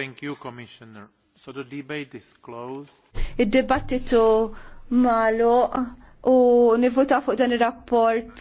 Thank you, Commissioner. So the debate is closed. id debattitu malo u nivuta fuq dan ir-rapport